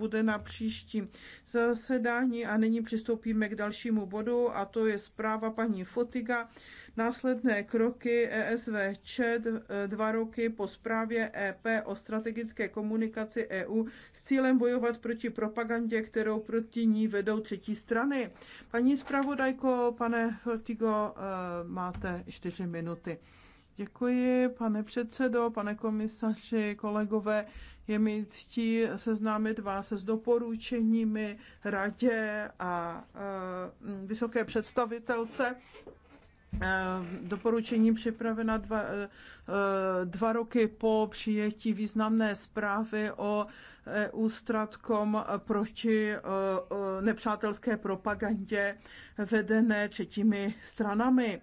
bude na příštím zasedání a nyní přistoupíme k dalšímu bodu a to je zpráva paní Fotiga. Následné kroky ESVČ dva roky po zprávě EP o strategické komunikaci EU s cílem bojovat proti propagandě, kterou proti ní vedou třetí strany. Paní zpravodajko, pane Fotigo, eh, máte čtyři minuty. Děkuji, pane předsedo, pane komisaři, kolegové. Je mi ctí seznámit vás s doporučeními radě a mm, vysoké představitelce doporučení připravena dva, dva roky po přijetí významné zprávy o EU stratkom proti e, e, nepřátelské propagandě vedené třetími stranami.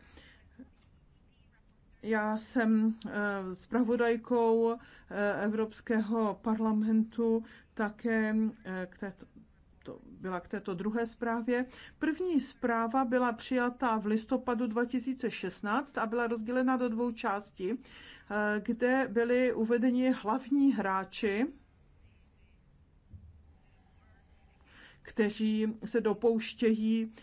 Já jsem eh, zpravodajkou eh, Evropského parlamentu také eh, k této to byla k této druhé zprávě. První zpráva byla přijata v listopadu 2016 a byla rozdělena do dvou částí, kde byli uvedeni hlavní hráči, kteří se dopouštějí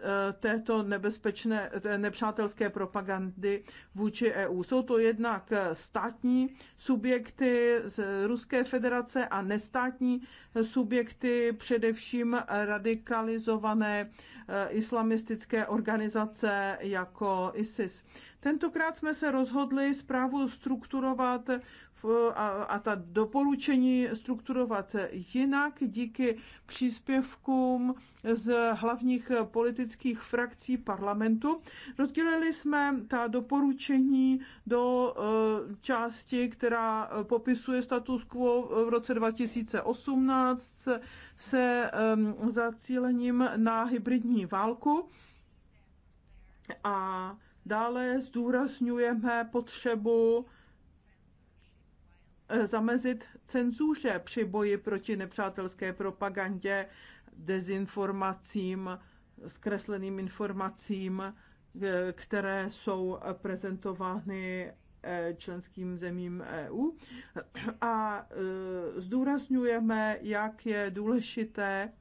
Eh, této nebezpečné, té nepřátelské propagandy vůči EU. Jsou to jednak státní subjekty z Ruské federace a nestátní subjekty, především radikalizované eh, islamistické organizace jako ISIS. Tentokrát jsme se rozhodli zprávu strukturovat a ta doporučení strukturovat jinak díky příspěvkům z hlavních politických frakcí parlamentu. Rozdělili jsme ta doporučení do eh, části, která popisuje status quo v roce 2018 se eh, zacílením na hybridní válku a dále zdůrazňujeme potřebu zamezit cenzuře při boji proti nepřátelské propagandě, dezinformacím, zkresleným informacím, eh, které jsou prezentovány eh, členským zemím EU. A eh, zdůrazňujeme, jak je důležité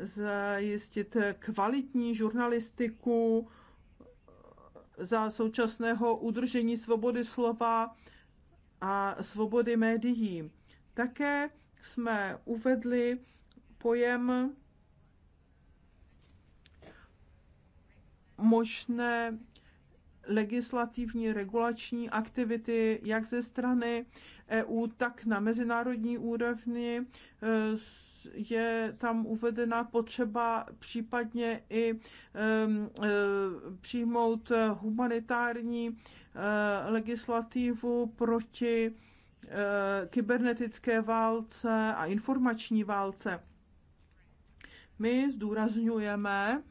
zajistit kvalitní žurnalistiku za současného udržení svobody slova a svobody médií. Také jsme uvedli pojem možné legislativní regulační aktivity jak ze strany EU, tak na mezinárodní úrovni. E, je tam uvedena potřeba případně i e, přijmout humanitární Eh, legislativu proti eh, kybernetické válce a informační válce. My zdůrazňujeme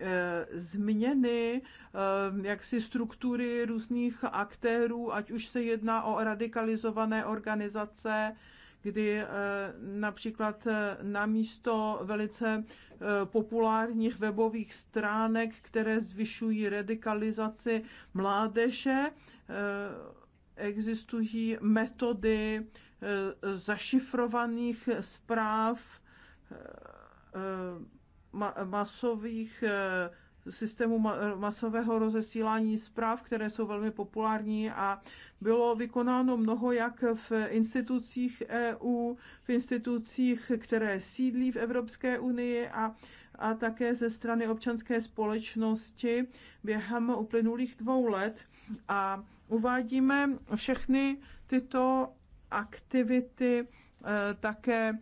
eh, změny jaksi struktury různých aktérů, ať už se jedná o radikalizované organizace, kdy eh, například eh, na místo velice eh, populárních webových stránek, které zvyšují radikalizaci mládeže, existují metody zašifrovaných zpráv masových systému masového rozesílání zpráv, které jsou velmi populární a bylo vykonáno mnoho jak v institucích EU, v institucích, které sídlí v Evropské unii a, a také ze strany občanské společnosti během uplynulých dvou let. A uvádíme všechny tyto aktivity eh, také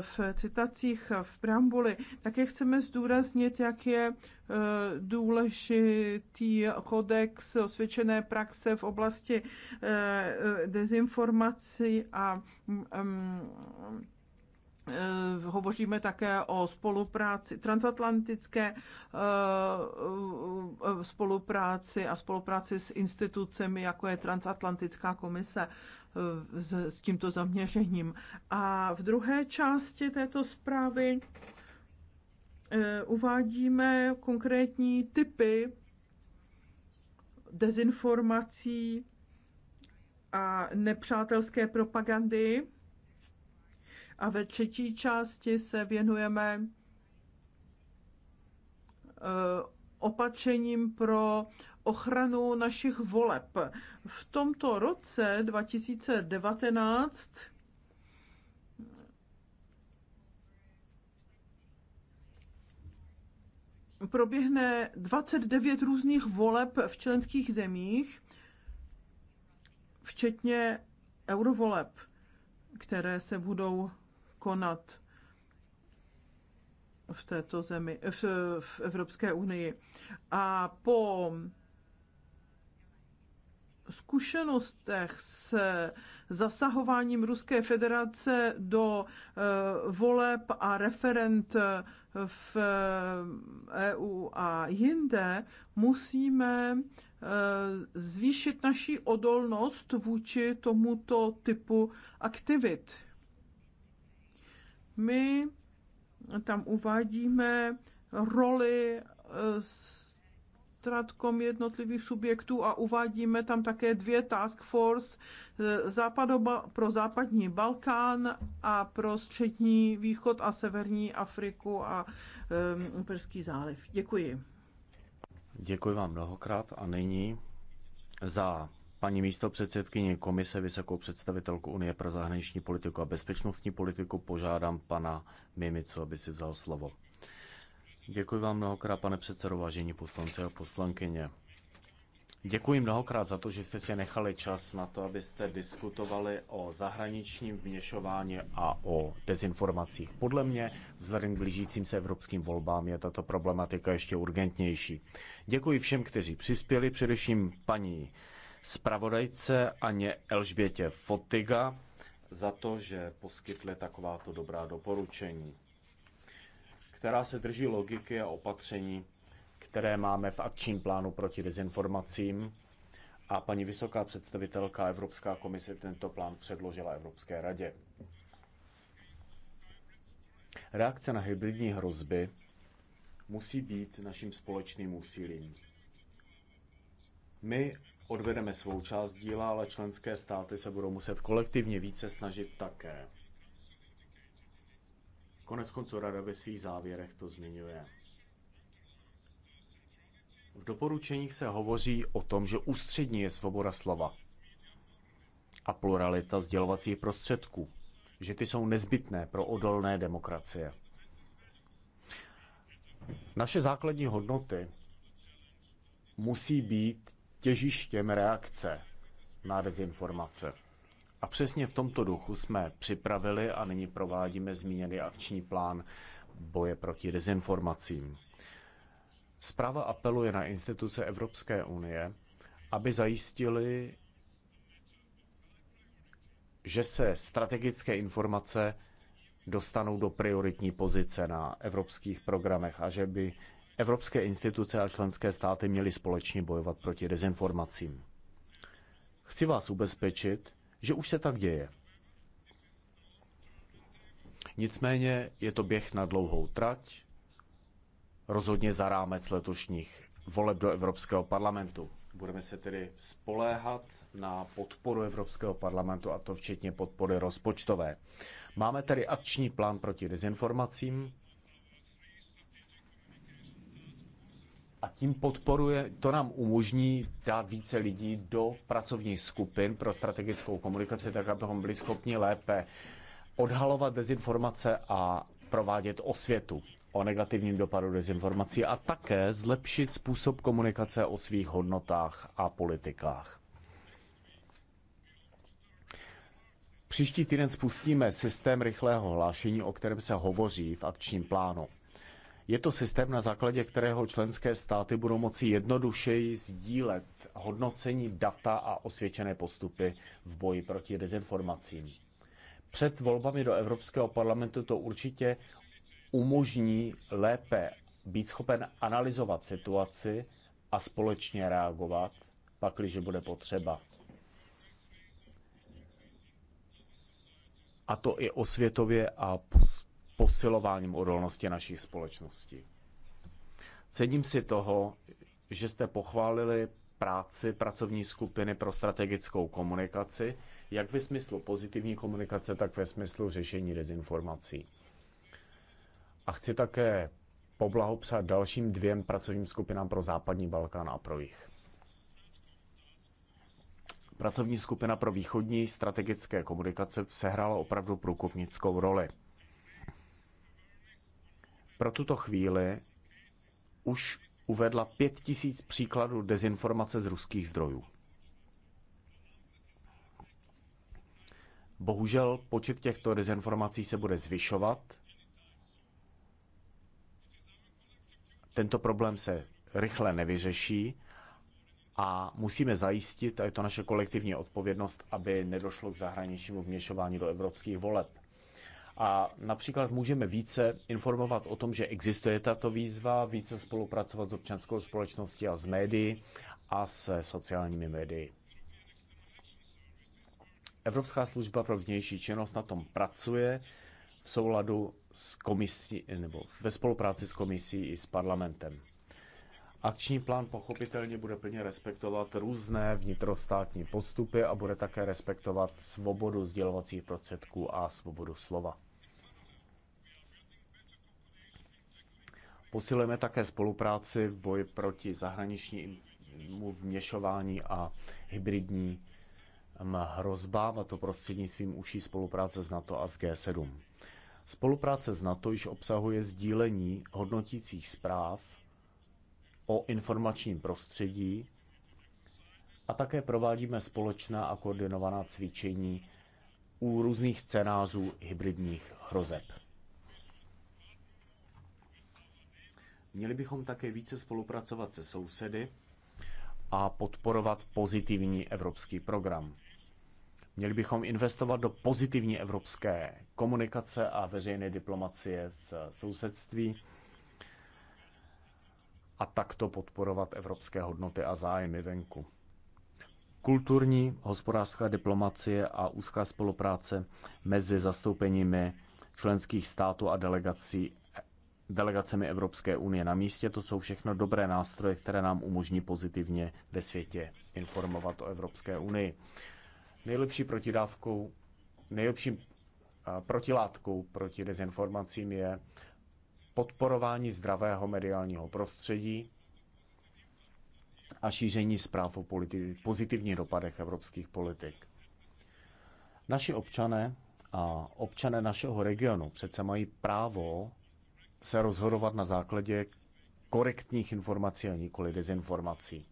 v citacích v preambuli, také chceme zdůraznit, jak je e, důležitý kodex osvědčené praxe v oblasti e, e, dezinformací a mm, mm, Hovoříme také o spolupráci, transatlantické spolupráci a spolupráci s institucemi, jako je Transatlantická komise s, s tímto zaměřením. A v druhé části této zprávy eh, uvádíme konkrétní typy dezinformací a nepřátelské propagandy. A ve třetí části se věnujeme eh, opatřením pro ochranu našich voleb. V tomto roce 2019 proběhne 29 různých voleb v členských zemích, včetně eurovoleb, které se budou konat v této zemi, v, v Evropské unii. A po zkušenostech s zasahováním Ruské federace do eh, voleb a referent eh, v EU eh, e a jinde, musíme zvýšit naši odolnost vůči tomuto typu aktivit. My tam uvádíme roli s stratkom jednotlivých subjektů a uvádíme tam také dvě task force eh, pro západní Balkán a pro střední východ a severní Afriku a eh, Perský záliv. Děkuji. Děkuji vám mnohokrát a nyní za paní místo předsedkyně komise Vysokou představitelku Unie pro zahraniční politiku a bezpečnostní politiku požádám pana Mimicu, aby si vzal slovo. Děkuji vám mnohokrát, pane předsedo, vážení poslanci a poslankyně. Děkuji mnohokrát za to, že jste si nechali čas na to, abyste diskutovali o zahraničním vněšování a o dezinformacích. Podle mě, vzhledem k blížícím se evropským volbám, je tato problematika ještě urgentnější. Děkuji všem, kteří přispěli, především paní zpravodajce Aně Elžbětě Fotiga za to, že poskytli takováto dobrá doporučení která se drží logiky a opatření, které máme v akčním plánu proti dezinformacím. A paní vysoká představitelka Evropská komise tento plán předložila Evropské radě. Reakce na hybridní hrozby musí být naším společným úsilím. My odvedeme svou část díla, ale členské státy se budou muset kolektivně více snažit také. Konec konců rada ve svých závěrech to zmiňuje. V doporučeních se hovoří o tom, že ústřední je svoboda slova a pluralita sdělovacích prostředků, že ty jsou nezbytné pro odolné demokracie. Naše základní hodnoty musí být těžištěm reakce na dezinformace. A přesně v tomto duchu jsme připravili a nyní provádíme zmíněný akční plán boje proti dezinformacím. Zpráva apeluje na instituce Evropské unie, aby zajistili, že se strategické informace dostanou do prioritní pozice na evropských programech a že by evropské instituce a členské státy měly společně bojovat proti dezinformacím. Chci vás ubezpečit, že už se tak děje. Nicméně je to běh na dlouhou trať, rozhodně za rámec letošních voleb do Evropského parlamentu. Budeme se tedy spoléhat na podporu Evropského parlamentu, a to včetně podpory rozpočtové. Máme tedy akční plán proti dezinformacím, a tím podporuje, to nám umožní dát více lidí do pracovních skupin pro strategickou komunikaci, tak abychom byli schopni lépe odhalovat dezinformace a provádět osvětu o negativním dopadu dezinformací a také zlepšit způsob komunikace o svých hodnotách a politikách. Příští týden spustíme systém rychlého hlášení, o kterém se hovoří v akčním plánu. Je to systém, na základě kterého členské státy budou moci jednodušeji sdílet hodnocení data a osvědčené postupy v boji proti dezinformacím. Před volbami do Evropského parlamentu to určitě umožní lépe být schopen analyzovat situaci a společně reagovat, pakliže bude potřeba. A to i osvětově a posilováním odolnosti naší společnosti. Cením si toho, že jste pochválili práci pracovní skupiny pro strategickou komunikaci, jak ve smyslu pozitivní komunikace, tak ve smyslu řešení dezinformací. A chci také poblahopřát dalším dvěm pracovním skupinám pro západní Balkán a pro jich. Pracovní skupina pro východní strategické komunikace sehrála opravdu průkopnickou roli – pro tuto chvíli už uvedla pět tisíc příkladů dezinformace z ruských zdrojů. Bohužel počet těchto dezinformací se bude zvyšovat. Tento problém se rychle nevyřeší a musíme zajistit, a je to naše kolektivní odpovědnost, aby nedošlo k zahraničnímu vměšování do evropských voleb a například můžeme více informovat o tom, že existuje tato výzva, více spolupracovat s občanskou společností a s médií a se sociálními médii. Evropská služba pro vnější činnost na tom pracuje v souladu s komisí, nebo ve spolupráci s komisí i s parlamentem. Akční plán pochopitelně bude plně respektovat různé vnitrostátní postupy a bude také respektovat svobodu sdělovacích prostředků a svobodu slova. Posilujeme také spolupráci v boji proti zahraničnímu vměšování a hybridní mm, hrozbám, a to prostřednictvím užší spolupráce s NATO a s G7. Spolupráce s NATO již obsahuje sdílení hodnotících zpráv o informačním prostředí a také provádíme společná a koordinovaná cvičení u různých scénářů hybridních hrozeb. Měli bychom také více spolupracovat se sousedy a podporovat pozitivní evropský program. Měli bychom investovat do pozitivní evropské komunikace a veřejné diplomacie v sousedství a takto podporovat evropské hodnoty a zájmy venku. Kulturní, hospodářská diplomacie a úzká spolupráce mezi zastoupeními členských států a delegací delegacemi Evropské unie na místě. To jsou všechno dobré nástroje, které nám umožní pozitivně ve světě informovat o Evropské unii. Nejlepší protidávkou, nejlepším protilátkou proti dezinformacím je podporování zdravého mediálního prostředí a šíření zpráv o pozitivních dopadech evropských politik. Naši občané a občané našeho regionu přece mají právo se rozhodovat na základě korektních informací a nikoli dezinformací.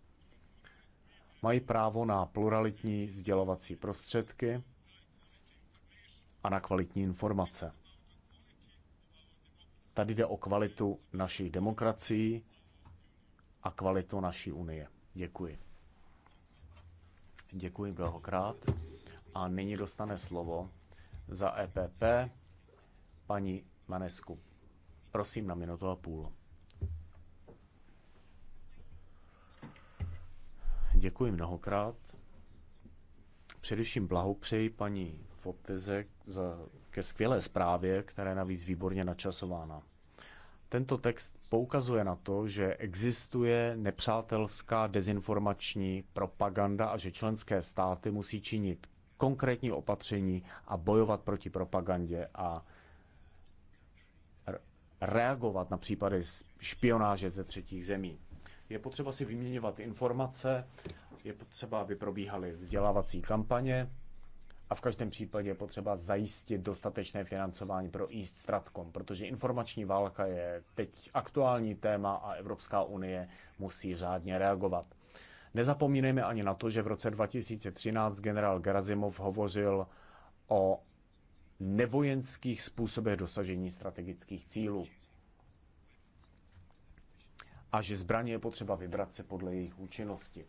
Mají právo na pluralitní sdělovací prostředky a na kvalitní informace. Tady jde o kvalitu našich demokracií a kvalitu naší unie. Děkuji. Děkuji mnohokrát. A nyní dostane slovo za EPP paní Manesku. Prosím na minutu a půl. Děkuji mnohokrát. Především blahopřeji paní Foteze za, ke skvělé zprávě, která je navíc výborně načasována. Tento text poukazuje na to, že existuje nepřátelská dezinformační propaganda a že členské státy musí činit konkrétní opatření a bojovat proti propagandě a reagovat na případy špionáže ze třetích zemí. Je potřeba si vyměňovat informace, je potřeba, aby probíhaly vzdělávací kampaně a v každém případě je potřeba zajistit dostatečné financování pro East Stratcom, protože informační válka je teď aktuální téma a Evropská unie musí řádně reagovat. Nezapomínejme ani na to, že v roce 2013 generál Gerazimov hovořil o nevojenských způsobech dosažení strategických cílů. A že zbraně je potřeba vybrat se podle jejich účinnosti.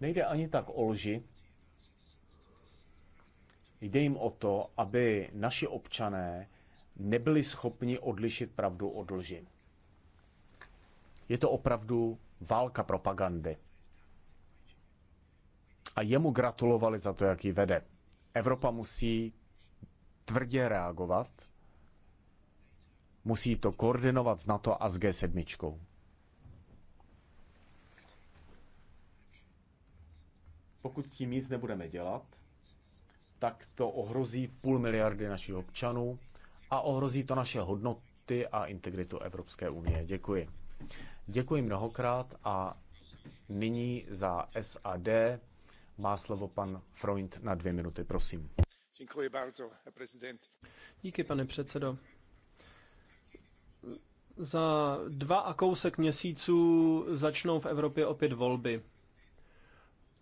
Nejde ani tak o lži, jde jim o to, aby naši občané nebyli schopni odlišit pravdu od lži. Je to opravdu válka propagandy. A jemu gratulovali za to, jak ji vede. Evropa musí tvrdě reagovat, musí to koordinovat s NATO a s G7. Pokud s tím nic nebudeme dělat, tak to ohrozí půl miliardy našich občanů a ohrozí to naše hodnoty a integritu Evropské unie. Děkuji. Děkuji mnohokrát a nyní za SAD má slovo pan Freund na dvě minuty, prosím. Děkuji bardzo, Díky, pane předsedo. Za dva a kousek měsíců začnou v Evropě opět volby.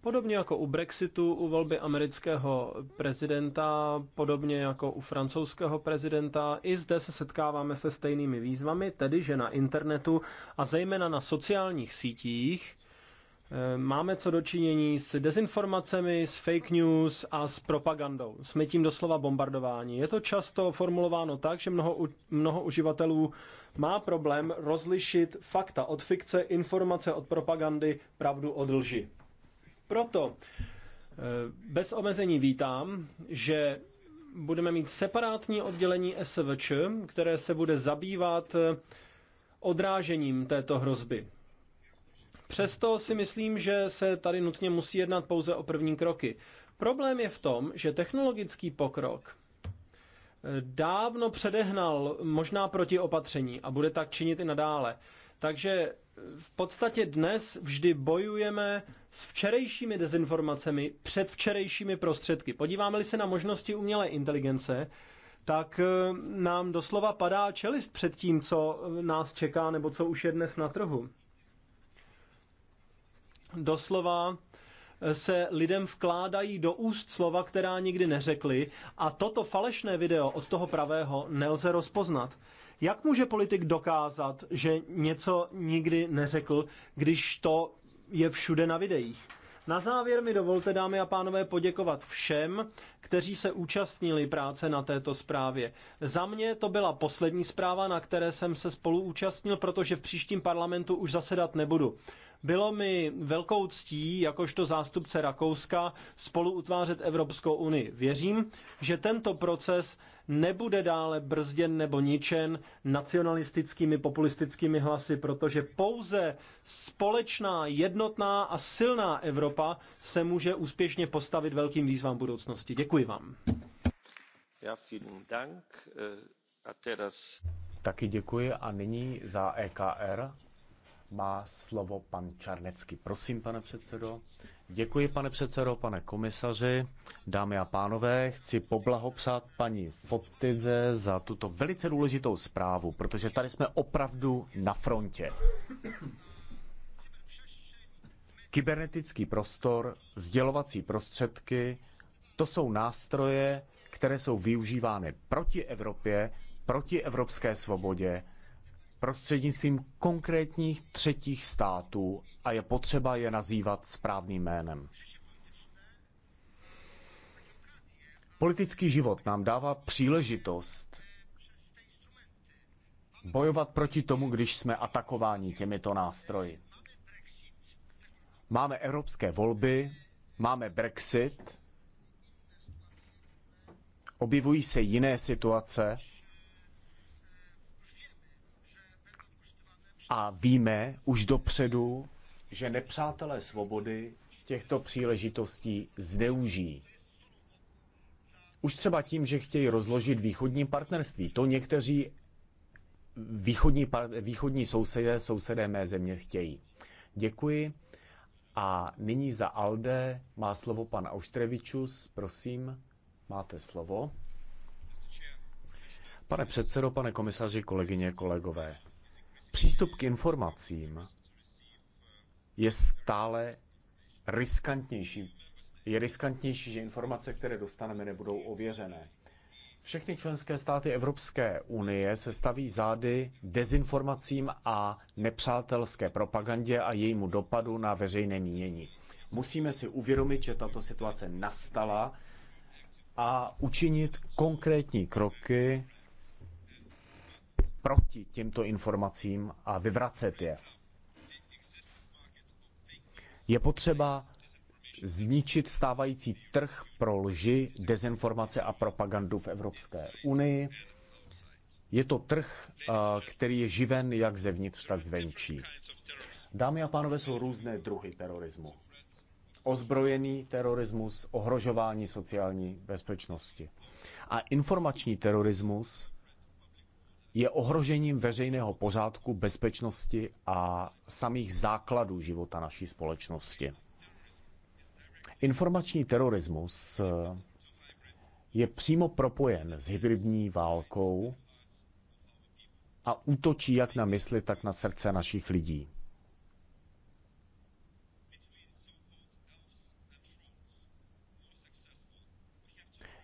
Podobně jako u Brexitu, u volby amerického prezidenta, podobně jako u francouzského prezidenta, i zde se setkáváme se stejnými výzvami, tedy že na internetu a zejména na sociálních sítích Eh, máme co dočinění s dezinformacemi, s fake news a s propagandou. Jsme tím doslova bombardováni. Je to často formulováno tak, že mnoho, mnoho uživatelů má problém rozlišit fakta od fikce, informace od propagandy, pravdu od lži. Proto eh, bez omezení vítám, že budeme mít separátní oddělení SVČ, které se bude zabývat eh, odrážením této hrozby. Přesto si myslím, že se tady nutně musí jednat pouze o první kroky. Problém je v tom, že technologický pokrok eh, dávno předehnal možná protiopatření a bude tak činit i nadále. Takže eh, v podstatě dnes vždy bojujeme s včerejšími dezinformacemi před včerejšími prostředky. Podíváme-li se na možnosti umělé inteligence, tak eh, nám doslova padá čelist před tím, co nás čeká nebo co už je dnes na trhu doslova eh, se lidem vkládají do úst slova, která nikdy neřekli a toto falešné video od toho pravého nelze rozpoznat. Jak může politik dokázat, že něco nikdy neřekl, když to je všude na videích? Na závěr mi dovolte, dámy a pánové, poděkovat všem, kteří se účastnili práce na této zprávě. Za mě to byla poslední zpráva, na které jsem se spolu účastnil, protože v příštím parlamentu už zasedat nebudu. Bylo mi velkou ctí, jakožto zástupce Rakouska, spolu utvářet Evropskou unii. Věřím, že tento proces nebude dále brzděn nebo ničen nacionalistickými, populistickými hlasy, protože pouze společná, jednotná a silná Evropa se může úspěšně postavit velkým výzvám budoucnosti. Děkuji vám. Já vielen Dank. A teraz... Taky děkuji a nyní za EKR má slovo pan Čarnecký. Prosím, pane předsedo. Děkuji, pane předsedo, pane komisaři, dámy a pánové. Chci poblahopřát paní Fotidze za tuto velice důležitou zprávu, protože tady jsme opravdu na frontě. Kybernetický prostor, sdělovací prostředky, to jsou nástroje, které jsou využívány proti Evropě, proti evropské svobodě prostřednictvím konkrétních třetích států a je potřeba je nazývat správným jménem. Politický život nám dává příležitost bojovat proti tomu, když jsme atakováni těmito nástroji. Máme evropské volby, máme Brexit, objevují se jiné situace, A víme už dopředu, že nepřátelé svobody těchto příležitostí zneužijí. Už třeba tím, že chtějí rozložit východní partnerství. To někteří východní, východní sousedé, sousedé mé země chtějí. Děkuji. A nyní za Alde má slovo pan Auštrevičus. Prosím, máte slovo. Pane předsedo, pane komisaři, kolegyně, kolegové. Přístup k informacím je stále riskantnější. Je riskantnější, že informace, které dostaneme, nebudou ověřené. Všechny členské státy Evropské unie se staví zády dezinformacím a nepřátelské propagandě a jejímu dopadu na veřejné mínění. Musíme si uvědomit, že tato situace nastala a učinit konkrétní kroky proti těmto informacím a vyvracet je. Je potřeba zničit stávající trh pro lži, dezinformace a propagandu v Evropské unii. Je to trh, eh, který je živen jak zevnitř, tak zvenčí. Dámy a pánové, jsou různé druhy terorismu. Ozbrojený terorismus, ohrožování sociální bezpečnosti. A informační terorismus je ohrožením veřejného pořádku, bezpečnosti a samých základů života naší společnosti. Informační terorismus eh, je přímo propojen s hybridní válkou a útočí jak na mysli, tak na srdce našich lidí.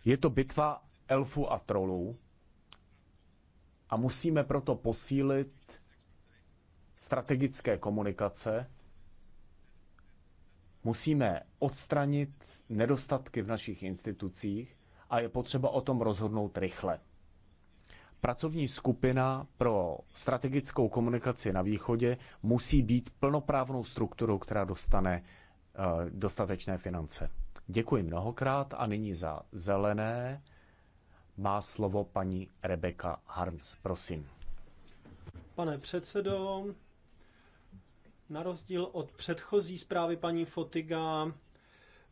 Je to bitva elfů a trolů, a musíme proto posílit strategické komunikace, musíme odstranit nedostatky v našich institucích a je potřeba o tom rozhodnout rychle. Pracovní skupina pro strategickou komunikaci na východě musí být plnoprávnou strukturou, která dostane eh, dostatečné finance. Děkuji mnohokrát a nyní za zelené má slovo paní Rebecca Harms, prosím. Pane předsedo, na rozdíl od předchozí zprávy paní Fotiga,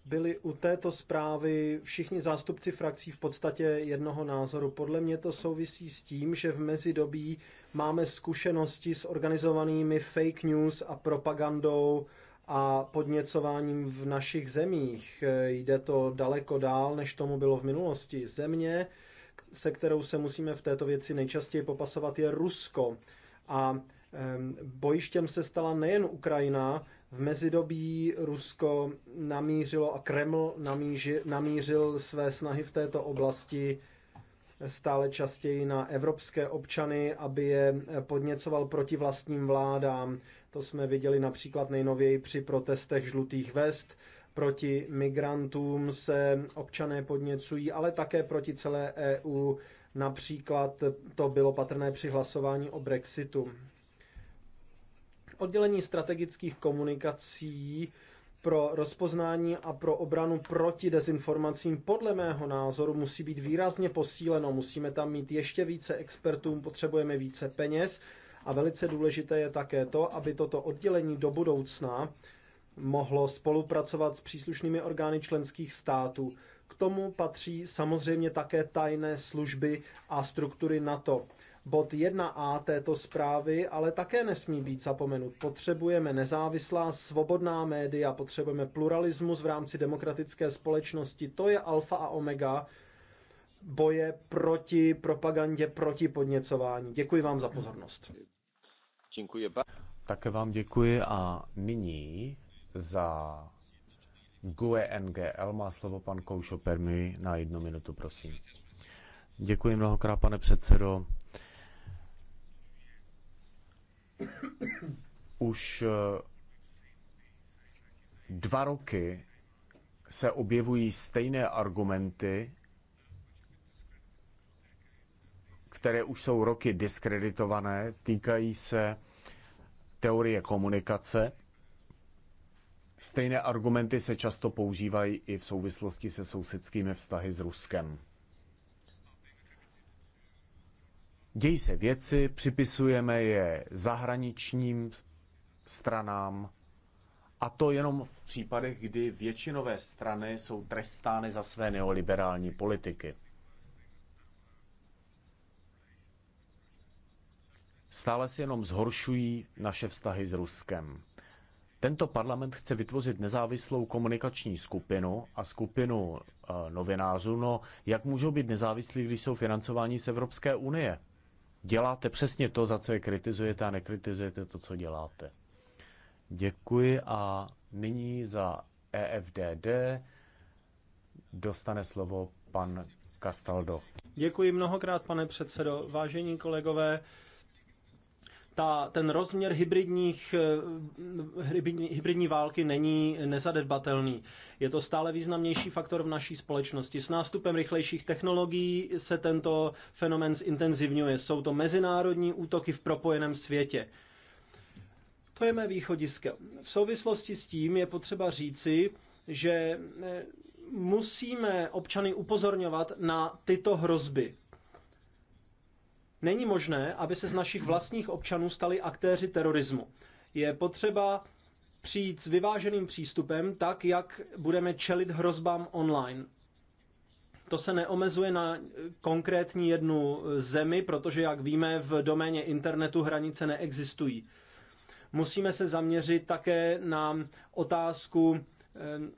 byli u této zprávy všichni zástupci frakcí v podstatě jednoho názoru. Podle mě to souvisí s tím, že v mezidobí máme zkušenosti s organizovanými fake news a propagandou a podněcováním v našich zemích. Jde to daleko dál, než tomu bylo v minulosti. Země, se kterou se musíme v této věci nejčastěji popasovat, je Rusko. A bojištěm se stala nejen Ukrajina, v mezidobí Rusko namířilo a Kreml namíři, namířil své snahy v této oblasti stále častěji na evropské občany, aby je podněcoval proti vlastním vládám. To jsme viděli například nejnověji při protestech žlutých vest, proti migrantům se občané podněcují, ale také proti celé EU. Například to bylo patrné při hlasování o Brexitu. Oddělení strategických komunikací pro rozpoznání a pro obranu proti dezinformacím podle mého názoru musí být výrazně posíleno. Musíme tam mít ještě více expertů, potřebujeme více peněz a velice důležité je také to, aby toto oddělení do budoucna mohlo spolupracovat s příslušnými orgány členských států. K tomu patří samozřejmě také tajné služby a struktury NATO. Bod 1a této zprávy ale také nesmí být zapomenut. Potřebujeme nezávislá, svobodná média, potřebujeme pluralismus v rámci demokratické společnosti. To je alfa a omega boje proti propagandě, proti podněcování. Děkuji vám za pozornost. Děkuji. Také vám děkuji a nyní za GUE NGL. Má slovo pan Koušo Permi na jednu minutu, prosím. Děkuji mnohokrát, pane předsedo. Už eh, dva roky se objevují stejné argumenty, které už jsou roky diskreditované, týkají se teorie komunikace, Stejné argumenty se často používají i v souvislosti se sousedskými vztahy s Ruskem. Dějí se věci, připisujeme je zahraničním stranám, a to jenom v případech, kdy většinové strany jsou trestány za své neoliberální politiky. Stále se jenom zhoršují naše vztahy s Ruskem. Tento parlament chce vytvořit nezávislou komunikační skupinu a skupinu eh, novinářů. No, jak můžou být nezávislí, když jsou financováni z Evropské unie? Děláte přesně to, za co je kritizujete a nekritizujete to, co děláte. Děkuji a nyní za EFDD dostane slovo pan Castaldo. Děkuji mnohokrát, pane předsedo. Vážení kolegové, ta, ten rozměr hybridních, eh, hybridní, hybridní války není nezadedbatelný. Je to stále významnější faktor v naší společnosti. S nástupem rychlejších technologií se tento fenomen zintenzivňuje. Jsou to mezinárodní útoky v propojeném světě. To je mé východisko. V souvislosti s tím je potřeba říci, že eh, musíme občany upozorňovat na tyto hrozby Není možné, aby se z našich vlastních občanů stali aktéři terorismu. Je potřeba přijít s vyváženým přístupem, tak jak budeme čelit hrozbám online. To se neomezuje na konkrétní jednu zemi, protože, jak víme, v doméně internetu hranice neexistují. Musíme se zaměřit také na otázku eh,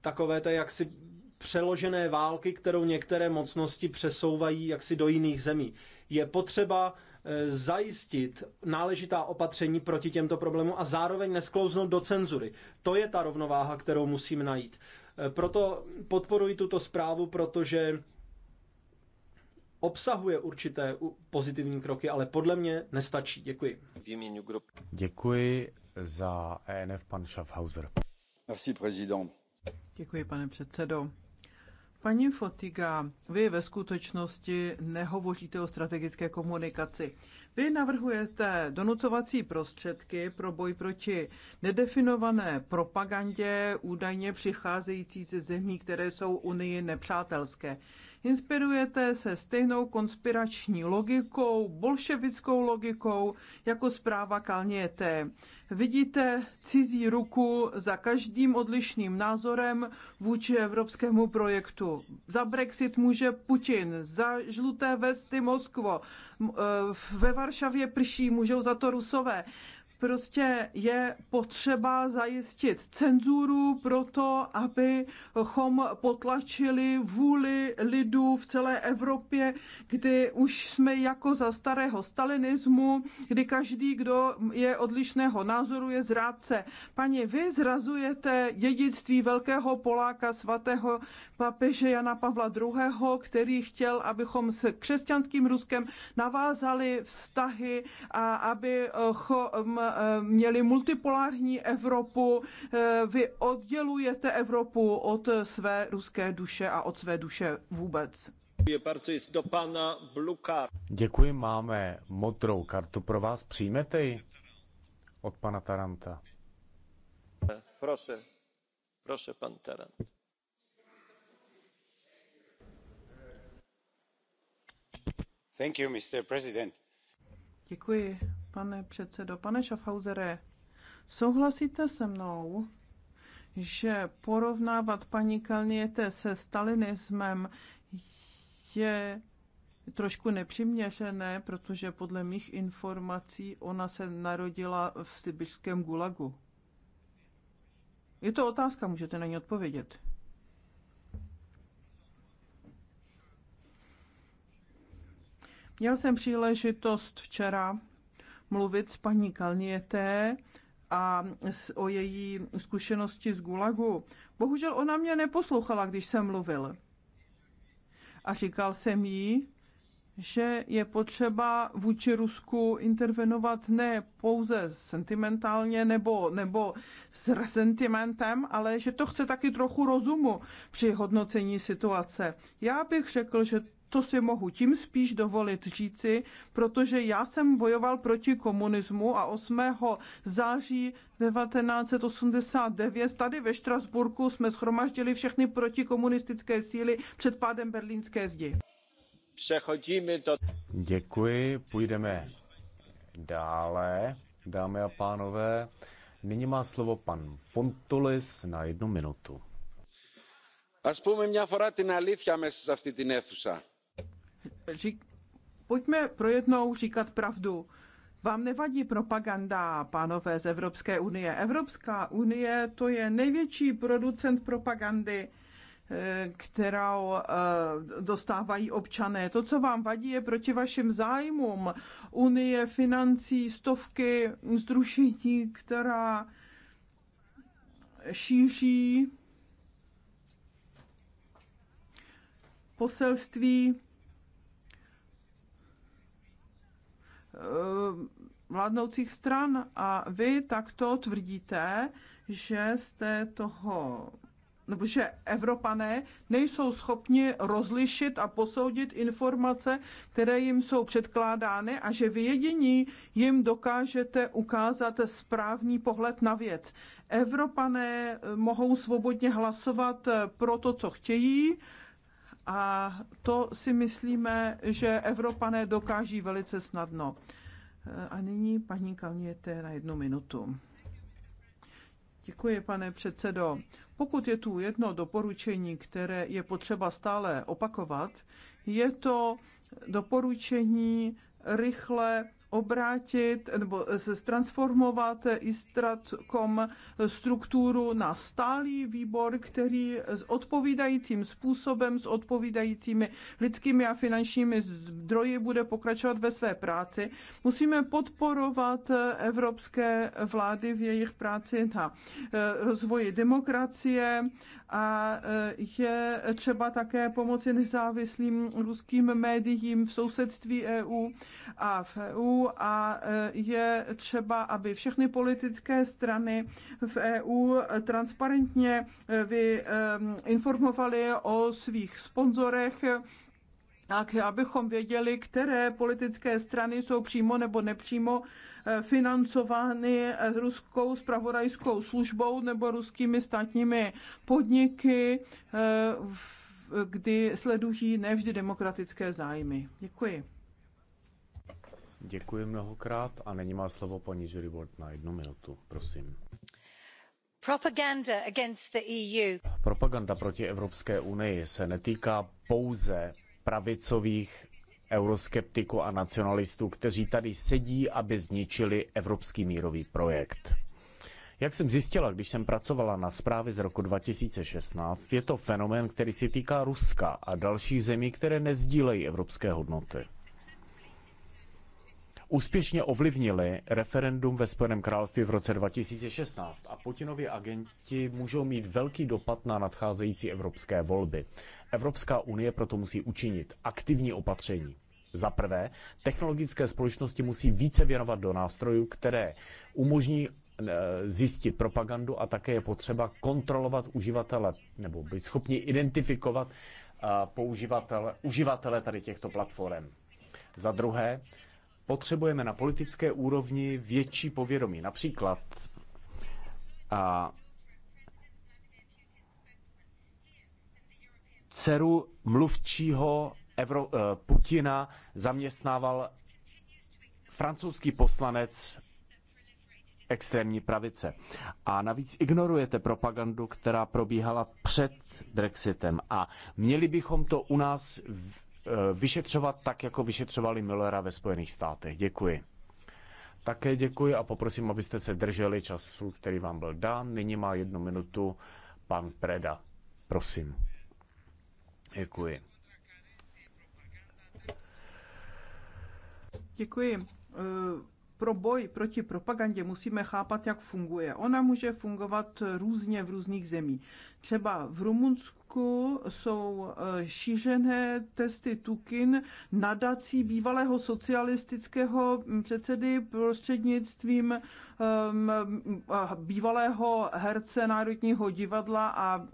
takové jak si přeložené války, kterou některé mocnosti přesouvají jaksi do jiných zemí. Je potřeba eh, zajistit náležitá opatření proti těmto problémům a zároveň nesklouznout do cenzury. To je ta rovnováha, kterou musím najít. Eh, proto podporuji tuto zprávu, protože obsahuje určité pozitivní kroky, ale podle mě nestačí. Děkuji. Děkuji za ENF pan Schaffhauser. Merci, Děkuji, pane předsedo. Paní Fotiga, vy ve skutečnosti nehovoříte o strategické komunikaci. Vy navrhujete donucovací prostředky pro boj proti nedefinované propagandě údajně přicházející ze zemí, které jsou Unii nepřátelské. Inspirujete se stejnou konspirační logikou, bolševickou logikou, jako zpráva Kalněte. Vidíte cizí ruku za každým odlišným názorem vůči evropskému projektu. Za Brexit může Putin, za žluté vesty Moskvo, e, ve Varšavě prší, můžou za to rusové. Prostě je potřeba zajistit cenzuru pro to, abychom potlačili vůli lidů v celé Evropě, kdy už jsme jako za starého stalinismu, kdy každý, kdo je odlišného názoru, je zrádce. Pani, vy zrazujete dědictví velkého Poláka svatého papeže Jana Pavla II., který chtěl, abychom s křesťanským Ruskem navázali vztahy a abychom Eh, měli multipolární Evropu. Eh, vy oddělujete Evropu od své ruské duše a od své duše vůbec. Děkuji, máme modrou kartu pro vás. Přijmete ji od pana Taranta. Prosím, prosím, pan Tarant. You, Děkuji, pane předsedo. Pane Schaffhausere, souhlasíte se mnou, že porovnávat paní Kalniete se stalinismem je trošku nepřiměřené, protože podle mých informací ona se narodila v sibirském gulagu. Je to otázka, můžete na ní odpovědět. Měl jsem příležitost včera mluvit s paní Kalnieté a o její zkušenosti z Gulagu. Bohužel ona mě neposlouchala, když jsem mluvil. A říkal jsem jí, že je potřeba vůči Rusku intervenovat ne pouze sentimentálně nebo, nebo s resentimentem, ale že to chce taky trochu rozumu při hodnocení situace. Já bych řekl, že to si mohu tím spíš dovolit říci, protože já jsem bojoval proti komunismu a 8. září 1989 tady ve Štrasburku jsme schromaždili všechny protikomunistické síly před pádem berlínské zdi. Přechodíme to. Děkuji, půjdeme dále, dámy a pánové. Nyní má slovo pan Fontulis na jednu minutu. Ας πούμε μια φορά την αλήθεια μέσα σε αυτή την αίθουσα řík, pojďme pro jednou říkat pravdu. Vám nevadí propaganda, pánové z Evropské unie. Evropská unie to je největší producent propagandy, eh, kterou eh, dostávají občané. To, co vám vadí, je proti vašim zájmům. Unie financí, stovky zrušení, která šíří poselství Eh, vládnoucích stran a vy takto tvrdíte, že jste toho nebo že Evropané nejsou schopni rozlišit a posoudit informace, které jim jsou předkládány a že vy jediní jim dokážete ukázat správný pohled na věc. Evropané mohou svobodně hlasovat pro to, co chtějí a to si myslíme, že Evropané dokáží velice snadno. E, a nyní paní Kalněte na jednu minutu. Děkuji, pane předsedo. Pokud je tu jedno doporučení, které je potřeba stále opakovat, je to doporučení rychle obrátit nebo se transformovat Istratkom strukturu na stálý výbor, který s odpovídajícím způsobem, s odpovídajícími lidskými a finančními zdroji bude pokračovat ve své práci. Musíme podporovat evropské vlády v jejich práci na eh, rozvoji demokracie a eh, je třeba také pomoci nezávislým ruským médiím v sousedství EU a v EU a e, je třeba, aby všechny politické strany v EU transparentně e, vy e, informovali o svých sponzorech, tak abychom věděli, které politické strany jsou přímo nebo nepřímo financovány ruskou spravodajskou službou nebo ruskými státními podniky, kdy sledují nevždy demokratické zájmy. Děkuji. Děkuji mnohokrát a nyní má slovo paní Julie Ward na jednu minutu. Prosím. E Propaganda, proti Evropské unii se netýká pouze pravicových euroskeptiků a nacionalistů, kteří tady sedí, aby zničili evropský mírový projekt. Jak jsem zjistila, když jsem pracovala na zprávě z roku 2016, je to fenomén, který se týká Ruska a dalších zemí, které nezdílejí evropské hodnoty úspěšně ovlivnili referendum ve Spojeném království v roce 2016 a Putinovi agenti můžou mít velký dopad na nadcházející evropské volby. Evropská unie proto musí učinit aktivní opatření. Za prvé, technologické společnosti musí více věnovat do nástrojů, které umožní eh, zjistit propagandu a také je potřeba kontrolovat uživatele nebo být schopni identifikovat eh, použivatele, uživatele tady těchto platform. Za druhé, potřebujeme na politické úrovni větší povědomí. Například a dceru mluvčího Evro, e, Putina zaměstnával francouzský poslanec extrémní pravice. A navíc ignorujete propagandu, která probíhala před Brexitem. A měli bychom to u nás Eh, vyšetřovat tak, jako vyšetřovali Millera ve Spojených státech. Děkuji. Také děkuji a poprosím, abyste se drželi času, který vám byl dán. Nyní má jednu minutu pan Preda. Prosím. Děkuji. Děkuji. Eh, pro boj proti propagandě musíme chápat, jak funguje. Ona může fungovat různě v různých zemích. Třeba v Rumunsku Turecku jsou eh, šířené testy Tukin nadací bývalého socialistického mm, předsedy prostřednictvím um, bývalého herce Národního divadla a eh,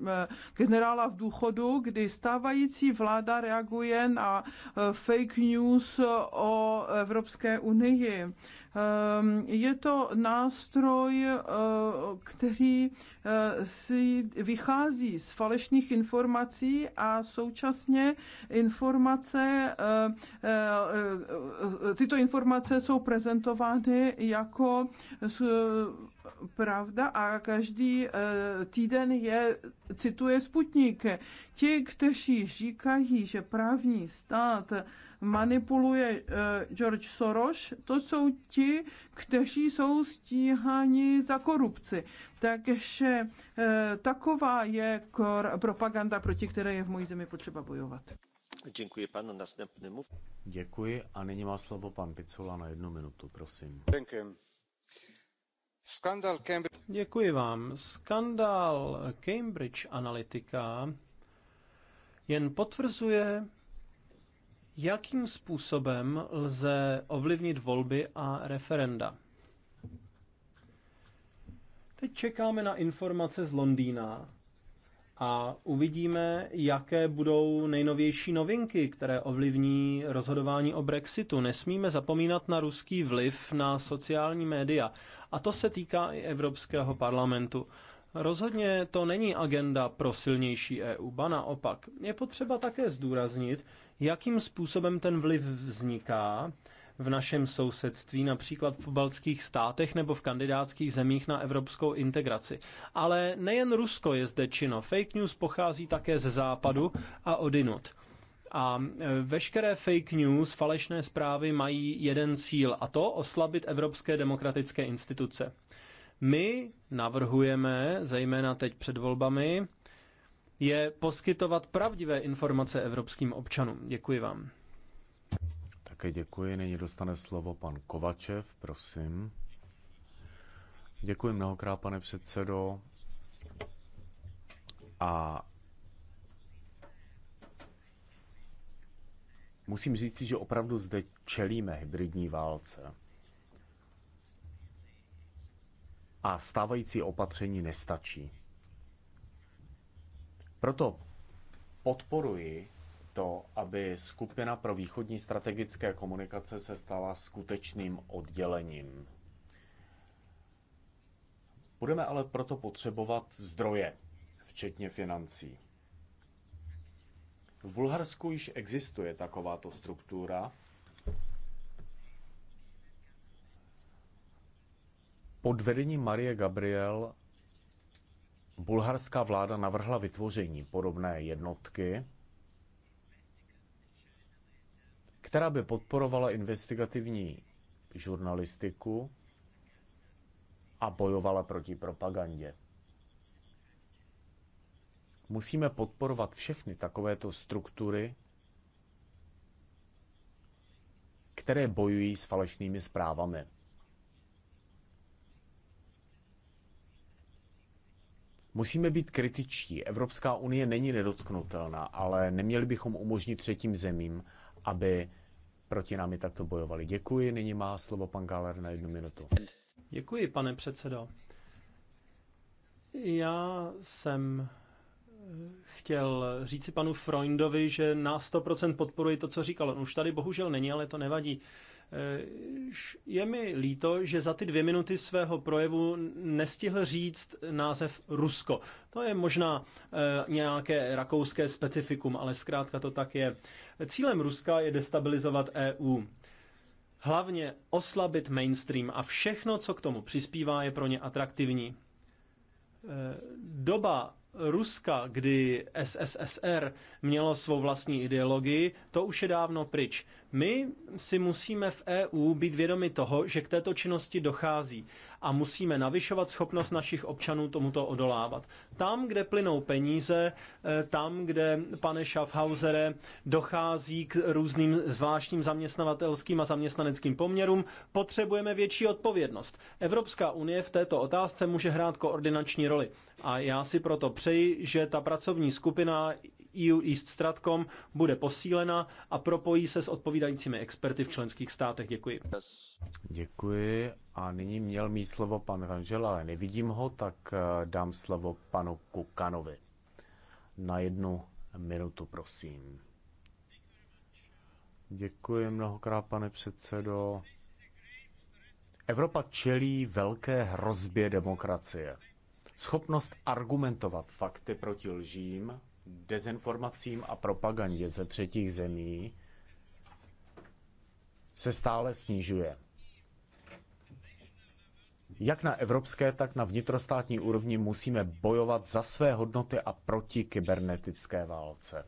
generála v důchodu, kdy stávající vláda reaguje na eh, fake news o Evropské unii. Ehm, je to nástroj, eh, který eh, si vychází z falešných informací a současně informace, eh, tyto informace jsou prezentovány jako pravda a každý týden je cituje Sputnik. Ti, kteří říkají, že právní stát manipuluje eh, George Soros, to jsou ti, kteří jsou stíháni za korupci. Takže eh, taková je propaganda, proti které je v mojí zemi potřeba bojovat. Děkuji panu następnému. Děkuji a nyní má slovo pan Picula na jednu minutu, prosím. Děkuji. Skandal Cambridge... Děkuji vám. Skandal Cambridge Analytica jen potvrzuje Jakým způsobem lze ovlivnit volby a referenda? Teď čekáme na informace z Londýna a uvidíme, jaké budou nejnovější novinky, které ovlivní rozhodování o Brexitu. Nesmíme zapomínat na ruský vliv na sociální média. A to se týká i Evropského parlamentu. Rozhodně to není agenda pro silnější EU, ba naopak. Je potřeba také zdůraznit, jakým způsobem ten vliv vzniká v našem sousedství, například v baltských státech nebo v kandidátských zemích na evropskou integraci. Ale nejen Rusko je zde čino. Fake news pochází také ze západu a odinut. A e, veškeré fake news, falešné zprávy mají jeden cíl, a to oslabit evropské demokratické instituce. My navrhujeme, zejména teď před volbami, je poskytovat pravdivé informace evropským občanům. Děkuji vám. Také děkuji. Nyní dostane slovo pan Kovačev, prosím. Děkuji mnohokrát, pane předsedo. A musím říct, že opravdu zde čelíme hybridní válce. A stávající opatření nestačí. Proto podporuji to, aby skupina pro východní strategické komunikace se stala skutečným oddělením. Budeme ale proto potřebovat zdroje, včetně financí. V Bulharsku již existuje takováto struktura. Pod vedením Marie Gabriel bulharská vláda navrhla vytvoření podobné jednotky, která by podporovala investigativní žurnalistiku a bojovala proti propagandě. Musíme podporovat všechny takovéto struktury, které bojují s falešnými zprávami. Musíme být kritičtí. Evropská unie není nedotknutelná, ale neměli bychom umožnit třetím zemím, aby proti námi takto bojovali. Děkuji, nyní má slovo pan Galer na jednu minutu. Děkuji, pane předsedo. Já jsem eh, chtěl říci panu Freundovi, že na 100% podporuji to, co říkal. On už tady bohužel není, ale to nevadí. Eh, je mi líto, že za ty dvě minuty svého projevu nestihl říct název Rusko. To je možná eh, nějaké rakouské specifikum, ale zkrátka to tak je. Cílem Ruska je destabilizovat EU. Hlavně oslabit mainstream a všechno, co k tomu přispívá, je pro ně atraktivní. Eh, doba Ruska, kdy SSSR mělo svou vlastní ideologii, to už je dávno pryč. My si musíme v EU být vědomi toho, že k této činnosti dochází a musíme navyšovat schopnost našich občanů tomuto odolávat. Tam, kde plynou peníze, eh, tam, kde, pane Schaffhausere, dochází k různým zvláštním zaměstnavatelským a zaměstnaneckým poměrům, potřebujeme větší odpovědnost. Evropská unie v této otázce může hrát koordinační roli. A já si proto přeji, že ta pracovní skupina EU East Stratcom bude posílena a propojí se s odpovídajícími experty v členských státech. Děkuji. Děkuji a nyní měl mít slovo pan Rangel, ale nevidím ho, tak eh, dám slovo panu Kukanovi. Na jednu minutu, prosím. Děkuji mnohokrát, pane předsedo. Evropa čelí velké hrozbě demokracie. Schopnost argumentovat fakty proti lžím dezinformacím a propagandě ze třetích zemí se stále snižuje. Jak na evropské, tak na vnitrostátní úrovni musíme bojovat za své hodnoty a proti kybernetické válce.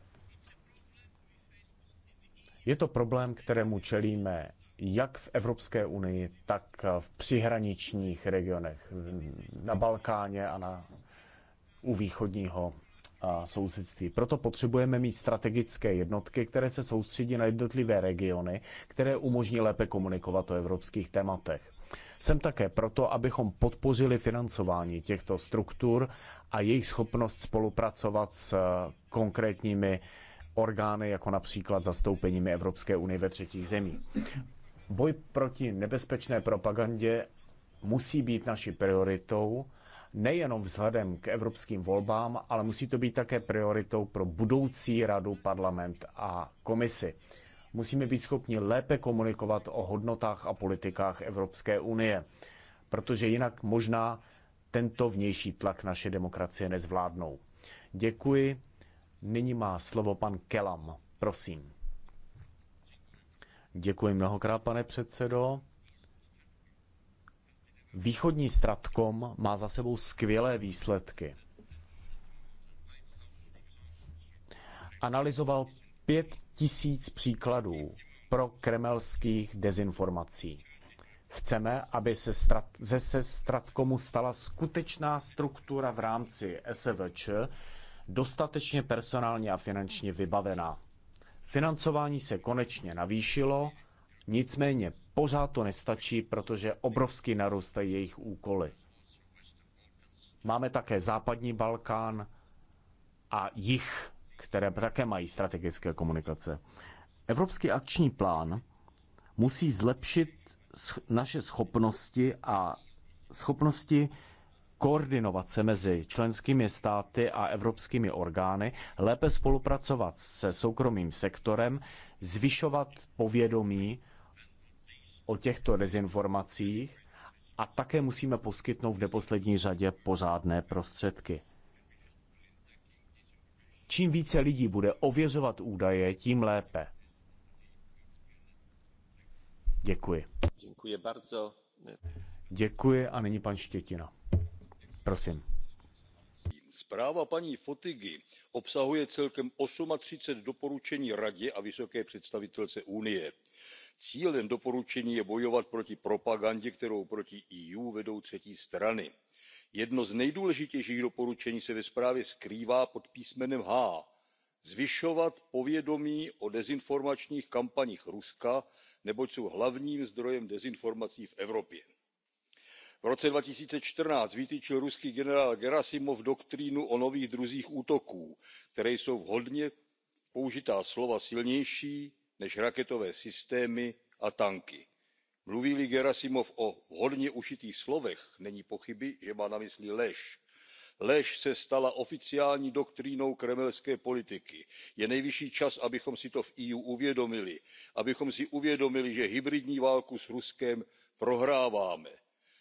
Je to problém, kterému čelíme jak v Evropské unii, tak v přihraničních regionech, na Balkáně a na, u východního sousedství. Proto potřebujeme mít strategické jednotky, které se soustředí na jednotlivé regiony, které umožní lépe komunikovat o evropských tématech. Jsem také proto, abychom podpořili financování těchto struktur a jejich schopnost spolupracovat s eh, konkrétními orgány, jako například zastoupeními Evropské unie ve třetích zemí. Boj proti nebezpečné propagandě musí být naší prioritou nejenom vzhledem k evropským volbám, ale musí to být také prioritou pro budoucí radu, parlament a komisi. Musíme být schopni lépe komunikovat o hodnotách a politikách Evropské unie, protože jinak možná tento vnější tlak naše demokracie nezvládnou. Děkuji. Nyní má slovo pan Kelam. Prosím. Děkuji mnohokrát, pane předsedo. Východní Stratkom má za sebou skvělé výsledky. Analyzoval pět tisíc příkladů pro kremelských dezinformací. Chceme, aby se, strat, ze se Stratkomu stala skutečná struktura v rámci SVČ, dostatečně personálně a finančně vybavená. Financování se konečně navýšilo, nicméně pořád to nestačí, protože obrovsky narůstají jejich úkoly. Máme také západní Balkán a jich, které také mají strategické komunikace. Evropský akční plán musí zlepšit naše schopnosti a schopnosti koordinovat se mezi členskými státy a evropskými orgány, lépe spolupracovat se soukromým sektorem, zvyšovat povědomí o těchto dezinformacích a také musíme poskytnout v neposlední řadě pořádné prostředky. Čím více lidí bude ověřovat údaje, tím lépe. Děkuji. Děkuji bardzo. Děkuji a nyní pan Štětina. Prosím. Zpráva paní Fotigy obsahuje celkem 38 doporučení radě a vysoké představitelce Unie cílem doporučení je bojovat proti propagandě kterou proti eu vedou třetí strany. jedno z nejdůležitějších doporučení se ve zprávě skrývá pod písmenem h zvyšovat povědomí o dezinformačních kampaních ruska neboť jsou hlavním zdrojem dezinformací v evropě. v roce two thousand and fourteen vytyčil ruský generál gerasimov doktrínu o nových druzích útoků které jsou vhodně použitá slova silnější než raketové systémy a tanky. mluví li gerasimov o vhodně ušitých slovech není pochyby že má na mysli lež. lež se stala oficiální doktrínou kremelské politiky. je nejvyšší čas abychom si to v eu uvědomili abychom si uvědomili že hybridní válku s ruskem prohráváme.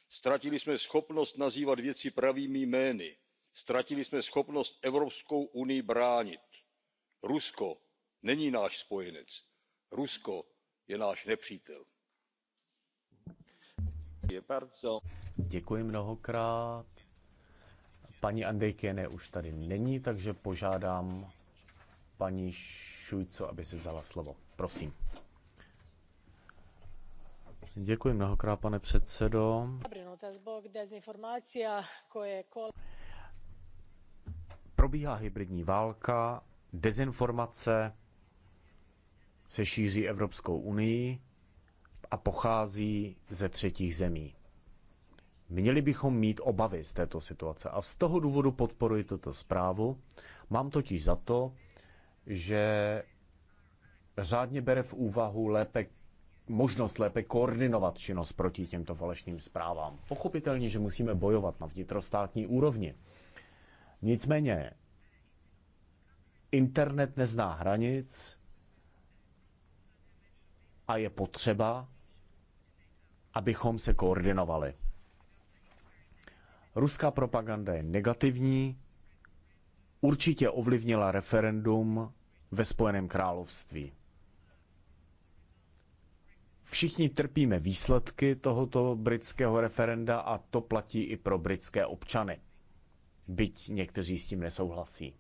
ztratili jsme schopnost nazývat věci pravými jmény ztratili jsme schopnost evropskou unii bránit. rusko není náš spojenec rusko je náš nepřítel. Děkuji mnohokrát. Paní Andejkene už tady není, takže požádám paní Šujco, aby si vzala slovo. Prosím. Děkuji mnohokrát, pane předsedo. Probíhá hybridní válka, dezinformace, se šíří Evropskou unii a pochází ze třetích zemí. Měli bychom mít obavy z této situace a z toho důvodu podporuji tuto zprávu. Mám totiž za to, že řádně bere v úvahu lépe možnost lépe koordinovat činnost proti těmto falešným zprávám. Pochopitelně, že musíme bojovat na vnitrostátní úrovni. Nicméně, internet nezná hranic, a je potřeba, abychom se koordinovali. Ruská propaganda je negativní, určitě ovlivnila referendum ve Spojeném království. Všichni trpíme výsledky tohoto britského referenda a to platí i pro britské občany, byť někteří s tím nesouhlasí.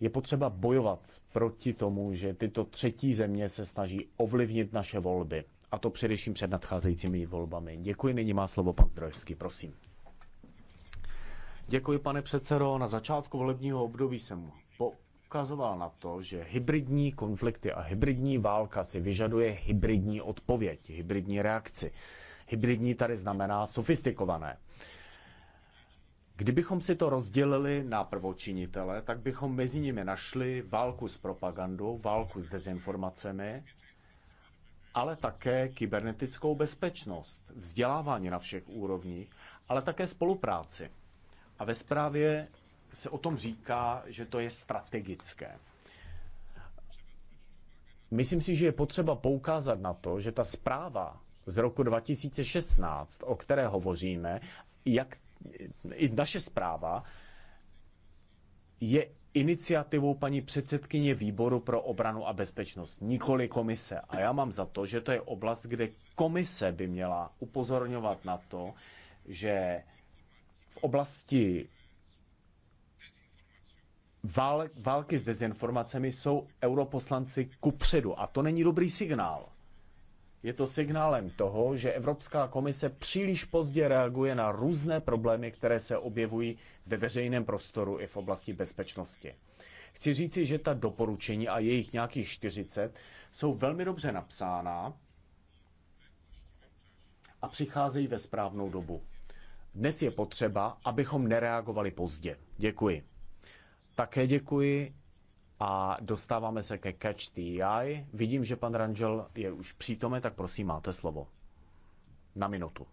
Je potřeba bojovat proti tomu, že tyto třetí země se snaží ovlivnit naše volby. A to především před nadcházejícími volbami. Děkuji, nyní má slovo pan Zdrojevský, prosím. Děkuji, pane předsedo. Na začátku volebního období jsem poukazoval na to, že hybridní konflikty a hybridní válka si vyžaduje hybridní odpověď, hybridní reakci. Hybridní tady znamená sofistikované. Kdybychom si to rozdělili na prvočinitele, tak bychom mezi nimi našli válku s propagandou, válku s dezinformacemi, ale také kybernetickou bezpečnost, vzdělávání na všech úrovních, ale také spolupráci. A ve zprávě se o tom říká, že to je strategické. Myslím si, že je potřeba poukázat na to, že ta zpráva z roku 2016, o které hovoříme, jak i naše zpráva je iniciativou paní předsedkyně výboru pro obranu a bezpečnost, nikoli komise. A já mám za to, že to je oblast, kde komise by měla upozorňovat na to, že v oblasti války s dezinformacemi jsou europoslanci kupředu. A to není dobrý signál je to signálem toho, že Evropská komise příliš pozdě reaguje na různé problémy, které se objevují ve veřejném prostoru i v oblasti bezpečnosti. Chci říci, že ta doporučení, a jejich nějakých 40, jsou velmi dobře napsána a přicházejí ve správnou dobu. Dnes je potřeba, abychom nereagovali pozdě. Děkuji. Také děkuji a dostáváme se ke Catch the Eye. Vidím, že pan Rangel je už přítomen, tak prosím, máte slovo. Na minutu.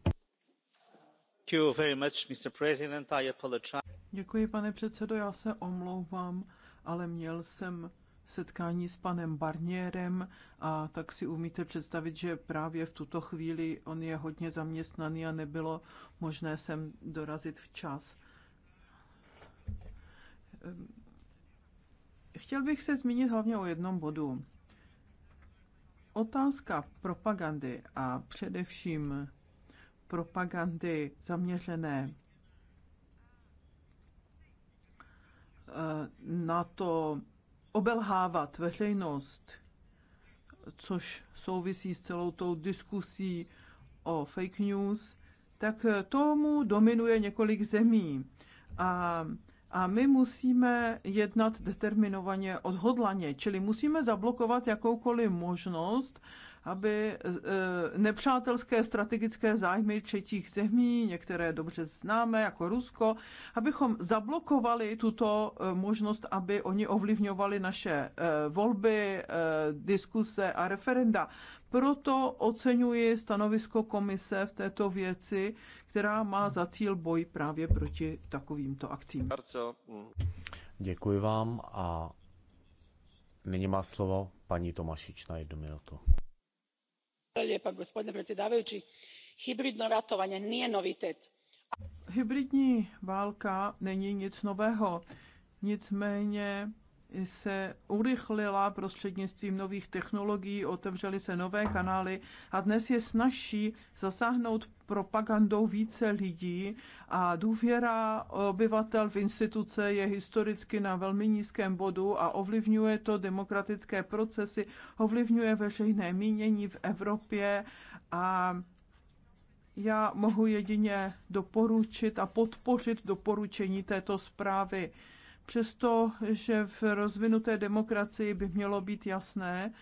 Děkuji, pane předsedo, já se omlouvám, ale měl jsem setkání s panem Barnierem a tak si umíte představit, že právě v tuto chvíli on je hodně zaměstnaný a nebylo možné sem dorazit včas Chtěl bych se zmínit hlavně o jednom bodu. Otázka propagandy a především propagandy zaměřené eh, na to obelhávat veřejnost, což souvisí s celou tou diskusí o fake news, tak tomu dominuje několik zemí. A a my musíme jednat determinovaně, odhodlaně, čili musíme zablokovat jakoukoliv možnost, aby eh, nepřátelské strategické zájmy třetích zemí, některé dobře známe, jako Rusko, abychom zablokovali tuto eh, možnost, aby oni ovlivňovali naše eh, volby, diskuse a referenda. Proto oceňuji stanovisko komise v této věci, která má za cíl boj právě proti takovýmto akcím. Děkuji vám a nyní má slovo paní Tomašič na jednu minutu. Lijepa, gospodine predsjedavajući. Hybridno ratovanje nije novitet. Hybridní válka není nic nového. Nicméně se urychlila prostřednictvím nových technologií, otevřely se nové kanály a dnes je snažší zasáhnout propagandou více lidí a důvěra obyvatel v instituce je historicky na velmi nízkém bodu a ovlivňuje to demokratické procesy, ovlivňuje veřejné mínění v Evropě a já mohu jedině doporučit a podpořit doporučení této zprávy přesto, že v rozvinuté demokracii by mělo být jasné,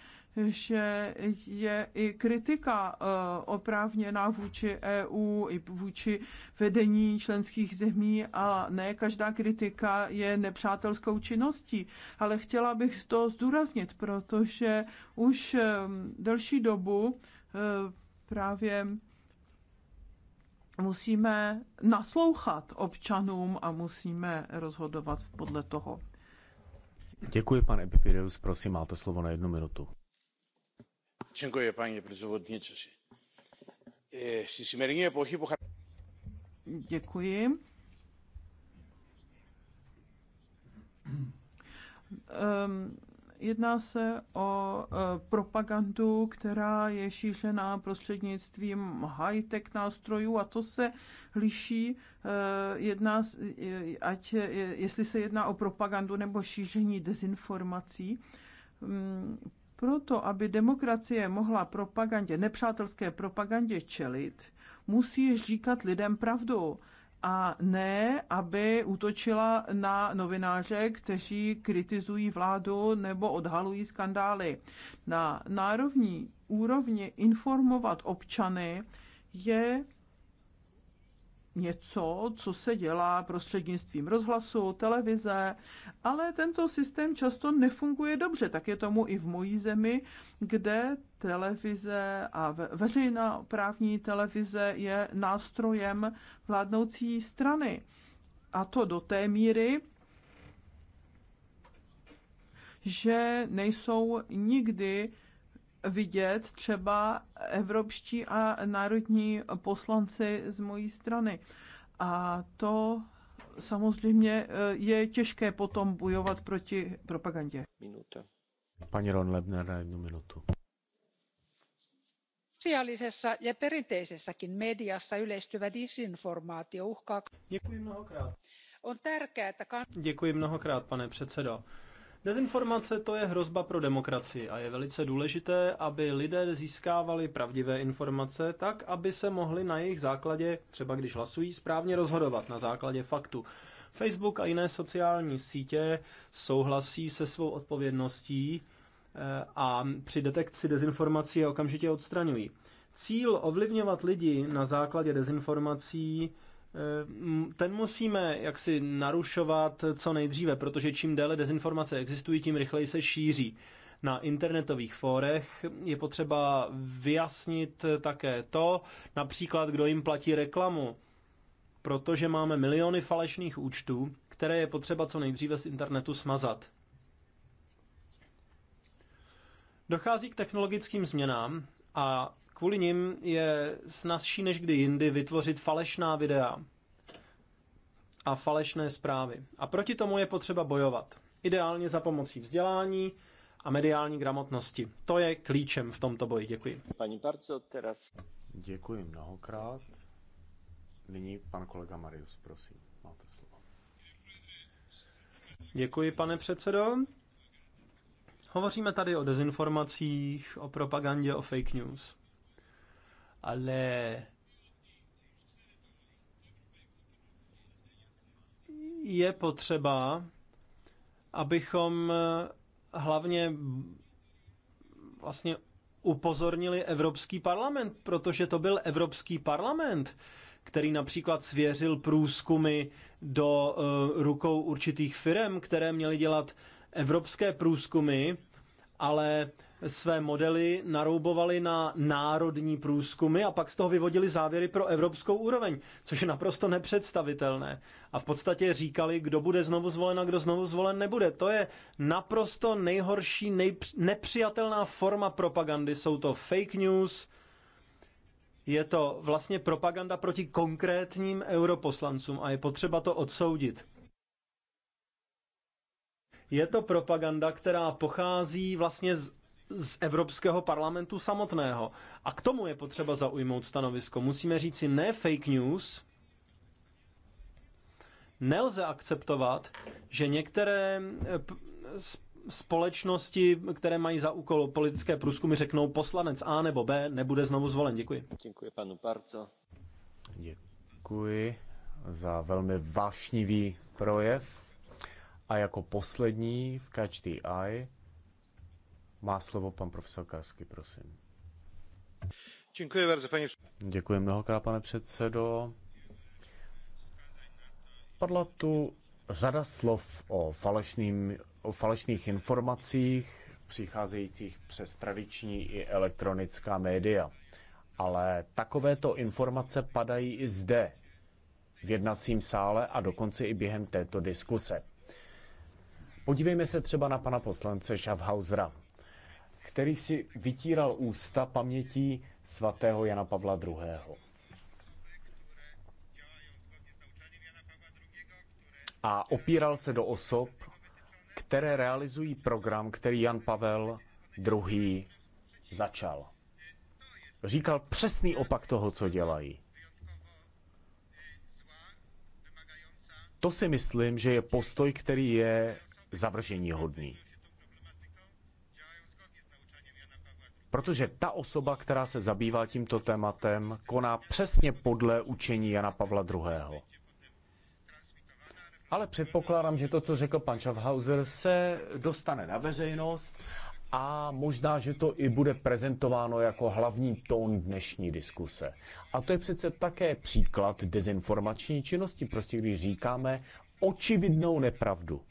že je i kritika eh, oprávněná vůči EU, i vůči vedení členských zemí a ne každá kritika je nepřátelskou činností. Ale chtěla bych to zdůraznit, protože už eh, delší dobu eh, právě musíme naslouchat občanům a musíme rozhodovat podle toho. Děkuji, pane Epipideus. Prosím, máte slovo na jednu minutu. Děkuji, paní předsedající. Děkuji. Um, Jedná se o e, propagandu, která je šířená prostřednictvím high-tech nástrojů a to se liší, e, jedná, e, ať, jestli se jedná o propagandu nebo šíření dezinformací mm, proto, aby demokracie mohla propagandě, nepřátelské propagandě čelit, musí říkat lidem pravdu a ne, aby útočila na novináře, kteří kritizují vládu nebo odhalují skandály. Na národní úrovni informovat občany je něco, co se dělá prostřednictvím rozhlasu, televize, ale tento systém často nefunguje dobře. Tak je tomu i v mojí zemi, kde televize a veřejná právní televize je nástrojem vládnoucí strany. A to do té míry, že nejsou nikdy vidět třeba evropští a národní poslanci z mojí strany. A to samozřejmě e, je těžké potom bojovat proti propagandě. Minuta. Pani Ron Lebner jednu minutu. Sosiaalisessa ja perinteisessäkin mediassa yleistyvä disinformaatio uhkaa... Děkuji mnohokrát. On tärkeää, että... Děkuji mnohokrát, pane předsedo Dezinformace to je hrozba pro demokracii a je velice důležité, aby lidé získávali pravdivé informace tak, aby se mohli na jejich základě, třeba když hlasují, správně rozhodovat na základě faktu. Facebook a jiné sociální sítě souhlasí se svou odpovědností eh, a při detekci dezinformací je okamžitě odstraňují. Cíl ovlivňovat lidi na základě dezinformací Eh, ten musíme jaksi narušovat co nejdříve, protože čím déle dezinformace existují, tím rychleji se šíří. Na internetových fórech je potřeba vyjasnit také to, například kdo jim platí reklamu, protože máme miliony falešných účtů, které je potřeba co nejdříve z internetu smazat. Dochází k technologickým změnám a kvůli nim je snazší než kdy jindy vytvořit falešná videa a falešné zprávy. A proti tomu je potřeba bojovat. Ideálně za pomocí vzdělání a mediální gramotnosti. To je klíčem v tomto boji. Děkuji. Paní Parco, teraz... Děkuji mnohokrát. Nyní pan kolega Marius, prosím, máte slovo. Děkuji, pane předsedo. Hovoříme tady o dezinformacích, o propagandě, o fake news ale je potřeba, abychom hlavně vlastně upozornili Evropský parlament, protože to byl Evropský parlament, který například svěřil průzkumy do e, rukou určitých firm, které měly dělat evropské průzkumy, ale své modely naroubovali na národní průzkumy a pak z toho vyvodili závěry pro evropskou úroveň, což je naprosto nepředstavitelné. A v podstatě říkali, kdo bude znovu zvolen a kdo znovu zvolen nebude. To je naprosto nejhorší, nejpř- nepřijatelná forma propagandy. Jsou to fake news, je to vlastně propaganda proti konkrétním europoslancům a je potřeba to odsoudit. Je to propaganda, která pochází vlastně z z Evropského parlamentu samotného. A k tomu je potřeba zaujmout stanovisko. Musíme říci ne fake news, nelze akceptovat, že některé eh, společnosti, které mají za úkol politické průzkumy, řeknou poslanec A nebo B nebude znovu zvolen. Děkuji. Děkuji panu Parco. Děkuji za velmi vášnivý projev. A jako poslední v Catch the Eye má slovo pan profesor Karsky, prosím. Děkuji paní... Děkuji mnohokrát, pane předsedo. Padla tu řada slov o, falešným, o falešných informacích přicházejících přes tradiční i elektronická média. Ale takovéto informace padají i zde, v jednacím sále a dokonce i během této diskuse. Podívejme se třeba na pana poslance Schaffhausera který si vytíral ústa pamětí svatého Jana Pavla II. A opíral se do osob, které realizují program, který Jan Pavel II. začal. Říkal přesný opak toho, co dělají. To si myslím, že je postoj, který je zavržení hodný. Protože ta osoba, která se zabývá tímto tématem, koná přesně podle učení Jana Pavla II. Ale předpokládám, že to, co řekl pan Schaffhauser, se dostane na veřejnost a možná, že to i bude prezentováno jako hlavní tón dnešní diskuse. A to je přece také příklad dezinformační činnosti, prostě když říkáme očividnou nepravdu.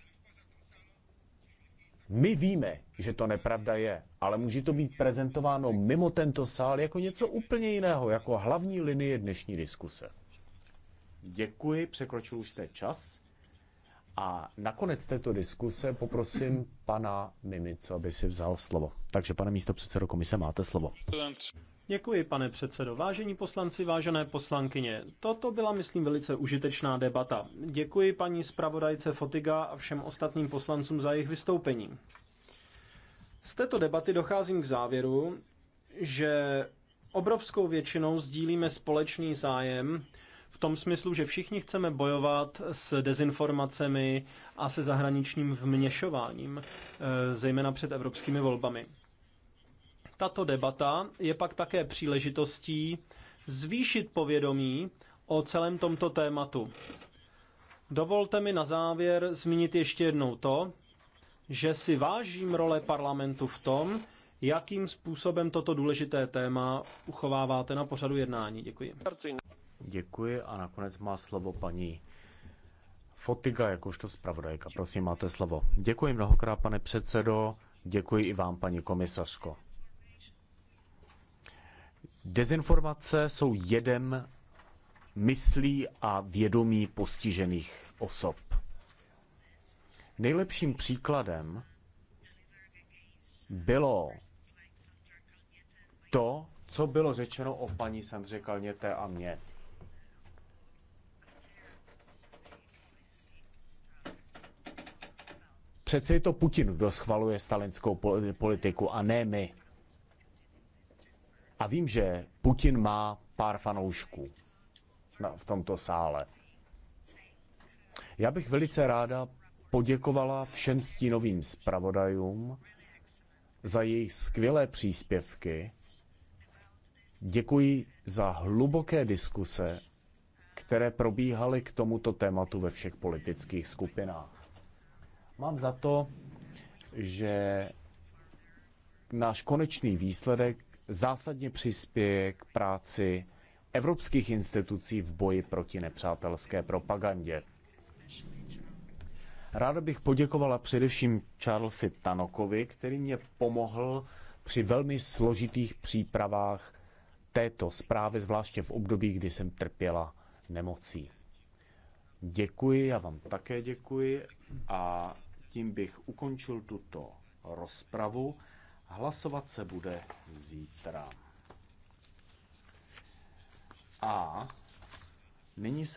My víme, že to nepravda je, ale může to být prezentováno mimo tento sál jako něco úplně jiného, jako hlavní linie dnešní diskuse. Děkuji, překročil už jste čas. A nakonec této diskuse poprosím pana Mimico, aby si vzal slovo. Takže pane místo předsedo komise, máte slovo. Děkuji, pane předsedo. Vážení poslanci, vážené poslankyně, toto byla, myslím, velice užitečná debata. Děkuji paní zpravodajce Fotiga a všem ostatním poslancům za jejich vystoupení. Z této debaty docházím k závěru, že obrovskou většinou sdílíme společný zájem v tom smyslu, že všichni chceme bojovat s dezinformacemi a se zahraničním vměšováním, eh, zejména před evropskými volbami. Tato debata je pak také příležitostí zvýšit povědomí o celém tomto tématu. Dovolte mi na závěr zmínit ještě jednou to, že si vážím role parlamentu v tom, jakým způsobem toto důležité téma uchováváte na pořadu jednání. Děkuji. Děkuji a nakonec má slovo paní Fotiga, jakožto zpravodajka. Prosím, máte slovo. Děkuji mnohokrát, pane předsedo. Děkuji i vám, paní komisařko. Dezinformace jsou jedem myslí a vědomí postižených osob. Nejlepším příkladem bylo to, co bylo řečeno o paní Sandře Kalněte a mě. Přece je to Putin, kdo schvaluje stalinskou politiku a ne my. A vím, že Putin má pár fanoušků v tomto sále. Já bych velice ráda poděkovala všem stínovým zpravodajům za jejich skvělé příspěvky. Děkuji za hluboké diskuse, které probíhaly k tomuto tématu ve všech politických skupinách. Mám za to, že náš konečný výsledek zásadně přispěje k práci evropských institucí v boji proti nepřátelské propagandě. Ráda bych poděkovala především Charlesi Tanokovi, který mě pomohl při velmi složitých přípravách této zprávy, zvláště v období, kdy jsem trpěla nemocí. Děkuji, já vám také děkuji a tím bych ukončil tuto rozpravu. Hlasovat se bude zítra. A nyní se